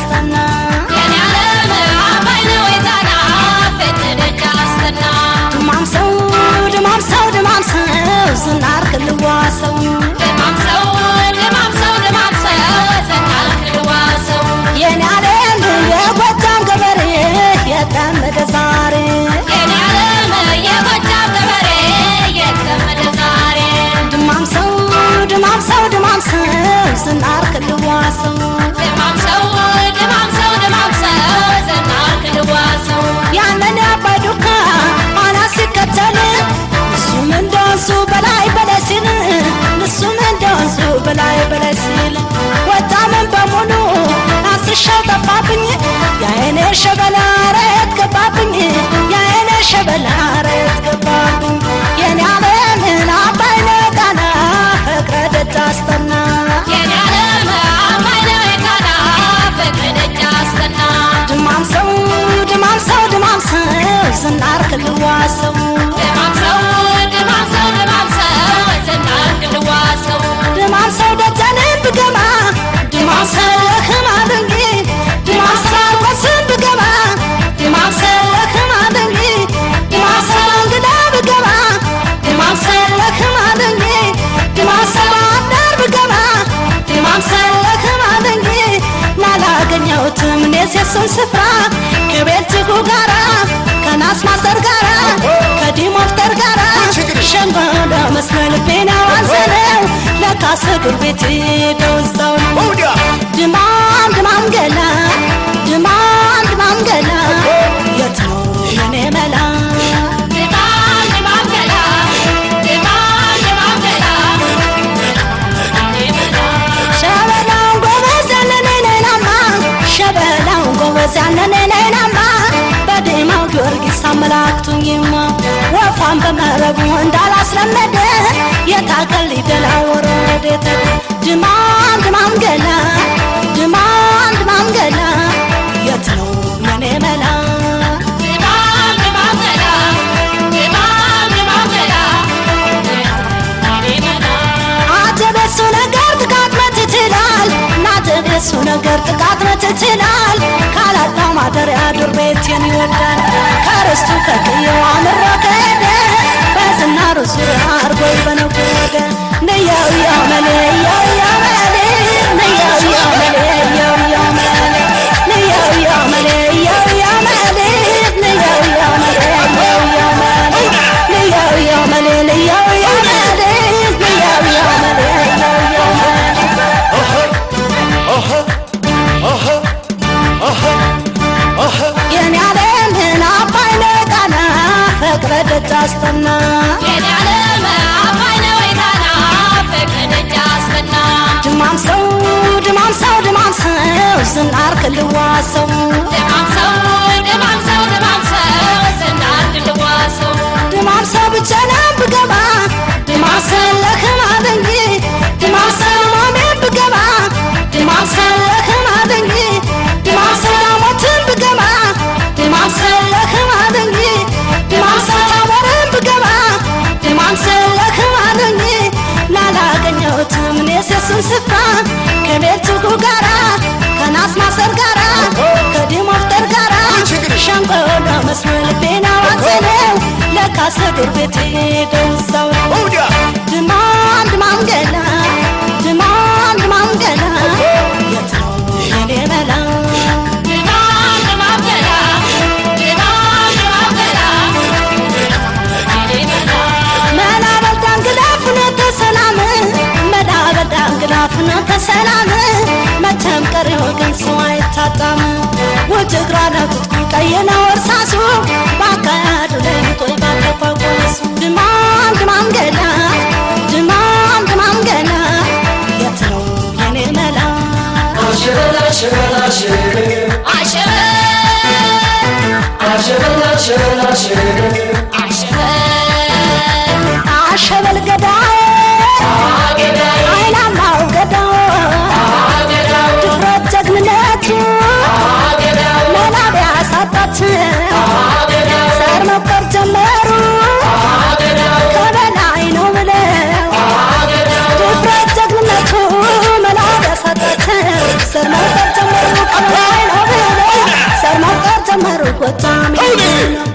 hasta nada. ድማም ሰው ዝናር ክልዋሰው ድማም ሲከተል እሱም እንደወንዙ በላይ በላይ ሲል በላይ በላይ ወጣምን በሙሉ አስሻው ጠፋብኝ ስፍራ ከቤልጅጉ ጋራ ከናስማሰር ጋራ ከዲሞፍተር ጋራ ሸንጓዳ መስሎ ልቤን ያዋዘለው ለካስ እግር ቤት ደውዛው ድማም ድማም አነኔነናማ በዴማው ጊዮርጊስ አመላክቱኝማ ወፏን በመረቡ እንዳላስለመደ የታከል ድማም ድማም ገላ ድማም ድማም ገላ የት ነው መኔ መላ ነገር ጥቃት ነገር ጥቃት ستكتي وعمر كده بس النار سرعة أرجو البنو አስጠና የዳለም አባነ ወይታና ፍቅር እጅ አስጠና ድማም ሰው ድማም ሰው ድማም ሰው ዝናር ክልዋ ሰው ከቤት ጽጉ ጋራ ከናስ ማሰር ጋራ ጋራ ሸንቆሎ መስሎ ለካስ ቤት ሄደው ድማም ገላ ጀግራነቱ ቀየና ወርሳሱ ባካዱ ለንቶይ ባከፋቆስ ድማም ድማም ገና ድማም ድማም ገና የኔ መላ What time is it?